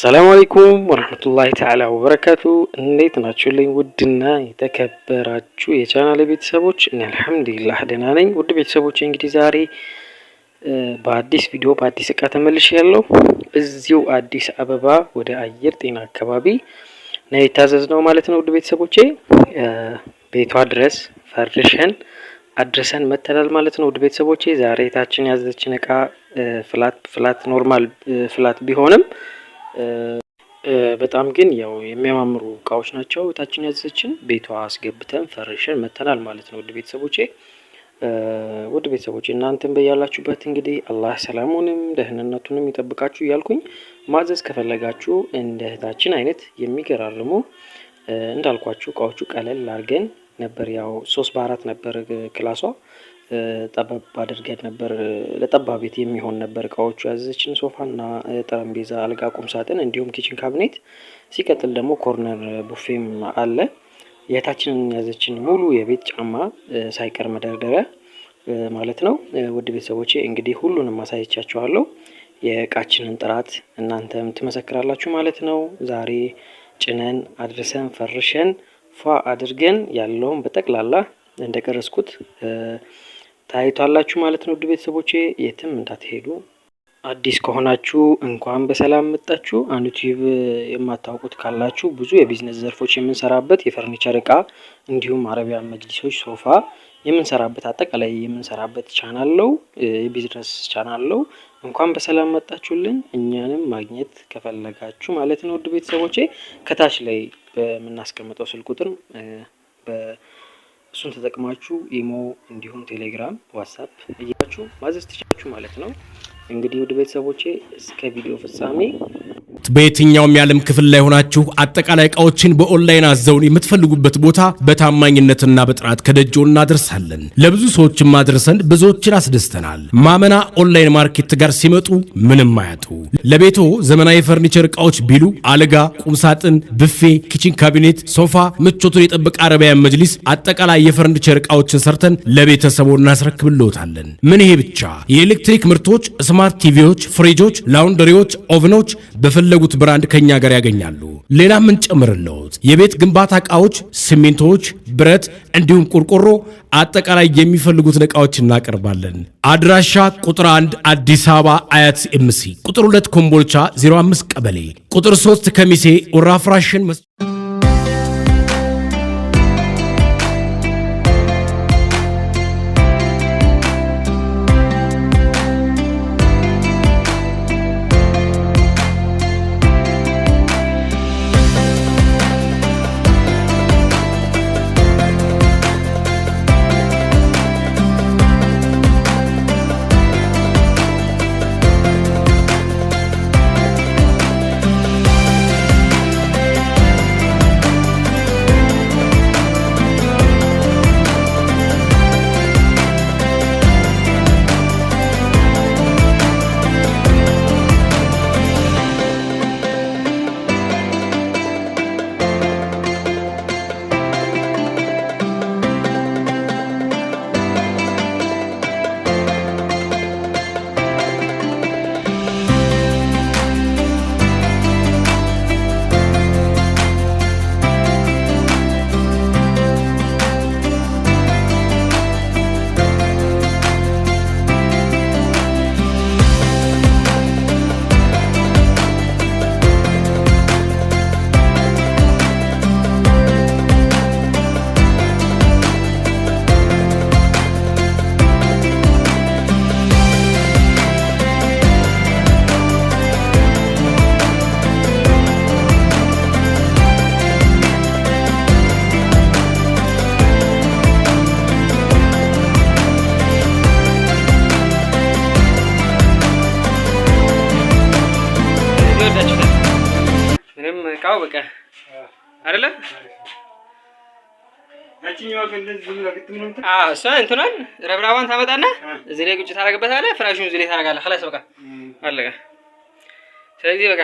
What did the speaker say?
ሰላም አለይኩም ወረህመቱላሂ ተዓላ ወበረካቱ። እንዴት ናችሁልኝ? ውድና የተከበራችሁ የቻናል ቤተሰቦች እኔ አልሐምዱሊላህ ደህና ነኝ። ውድ ቤተሰቦች እንግዲህ ዛሬ በአዲስ ቪዲዮ በአዲስ እቃ ተመልሼ ያለው እዚሁ አዲስ አበባ ወደ አየር ጤና አካባቢ ነው የታዘዝነው ማለት ነው። ውድ ቤተሰቦቼ ቤቷ ድረስ ፈርሸን አድርሰን መተላል ማለት ነው። ውድ ቤተሰቦቼ ዛሬ ታችን ያዘችን እቃ ፍላት ፍላት ኖርማል ፍላት ቢሆንም በጣም ግን ያው የሚያማምሩ እቃዎች ናቸው። እህታችን ያዘችን ቤቷ አስገብተን ፈርሸን መተናል ማለት ነው። ውድ ቤተሰቦቼ ውድ ቤተሰቦቼ እናንተን በያላችሁበት እንግዲህ አላህ ሰላሙንም ደህንነቱንም ይጠብቃችሁ እያልኩኝ ማዘዝ ከፈለጋችሁ እንደ እህታችን አይነት የሚገራርሙ እንዳልኳችሁ እቃዎቹ ቀለል አድርገን ነበር ያው ሶስት በአራት ነበር ክላሷ ጠበብ አድርገን ነበር ለጠባብ ቤት የሚሆን ነበር እቃዎቹ ያዘችን ሶፋና ጠረጴዛ፣ አልጋ፣ ቁም ሳጥን እንዲሁም ኪችን ካብኔት ሲቀጥል ደግሞ ኮርነር ቡፌም አለ። የታችንን ያዘችን ሙሉ የቤት ጫማ ሳይቀር መደርደሪያ ማለት ነው። ውድ ቤተሰቦቼ እንግዲህ ሁሉንም አሳይቻችኋለሁ። የእቃችንን ጥራት እናንተም ትመሰክራላችሁ ማለት ነው። ዛሬ ጭነን አድርሰን ፈርሸን ፏ አድርገን ያለውን በጠቅላላ እንደቀረስኩት ታይቷላችሁ ማለት ነው። ውድ ቤተሰቦቼ የትም እንዳትሄዱ። አዲስ ከሆናችሁ እንኳን በሰላም መጣችሁ። አንድ ዩቲዩብ የማታውቁት ካላችሁ ብዙ የቢዝነስ ዘርፎች የምንሰራበት የፈርኒቸር እቃ እንዲሁም አረቢያን መጅሊሶች፣ ሶፋ የምንሰራበት አጠቃላይ የምንሰራበት ቻናል ነው፣ የቢዝነስ ቻናል ነው። እንኳን በሰላም መጣችሁልን። እኛንም ማግኘት ከፈለጋችሁ ማለት ነው ውድ ቤተሰቦቼ ከታች ላይ በምናስቀምጠው ስልክ ቁጥር እሱን ተጠቅማችሁ ኢሞ እንዲሁም ቴሌግራም፣ ዋትሳፕ እያችሁ ማዘዝ ትችላችሁ ማለት ነው። እንግዲህ ውድ ቤተሰቦቼ እስከ ቪዲዮ ፍጻሜ በየትኛውም የዓለም ክፍል ላይ ሆናችሁ አጠቃላይ እቃዎችን በኦንላይን አዘውን የምትፈልጉበት ቦታ በታማኝነትና በጥራት ከደጅዎ እናደርሳለን። ለብዙ ሰዎችም ማድረሰን ብዙዎችን አስደስተናል። ማመና ኦንላይን ማርኬት ጋር ሲመጡ ምንም አያጡ። ለቤቶ ዘመናዊ ፈርኒቸር እቃዎች ቢሉ አልጋ፣ ቁምሳጥን፣ ብፌ፣ ኪችን ካቢኔት፣ ሶፋ፣ ምቾቱን የጠበቀ አረቢያን መጅሊስ፣ አጠቃላይ የፈርኒቸር እቃዎችን ሰርተን ለቤተሰቦ እናስረክብልዎታለን። ምን ይሄ ብቻ የኤሌክትሪክ ምርቶች፣ ስማርት ቲቪዎች፣ ፍሪጆች፣ ላውንደሪዎች፣ ኦቨኖች በፈለ የፈለጉት ብራንድ ከኛ ጋር ያገኛሉ። ሌላ ምን ጨምርልዎት? የቤት ግንባታ እቃዎች ሲሚንቶዎች፣ ብረት እንዲሁም ቆርቆሮ፣ አጠቃላይ የሚፈልጉትን እቃዎች እናቀርባለን። አድራሻ ቁጥር 1 አዲስ አበባ አያት ኤምሲ፣ ቁጥር 2 ኮምቦልቻ 05 ቀበሌ፣ ቁጥር 3 ከሚሴ ወራፍራሽን ትወዳችኋል። ምንም እቃው በቃ አይደለ እሷ እንትኗን ረብራቧን ታመጣና እዚህ ላይ ቁጭ ታደርግበታለህ። ፍራሹን እዚህ ላይ ታደርጋለህ። ስለዚህ በቃ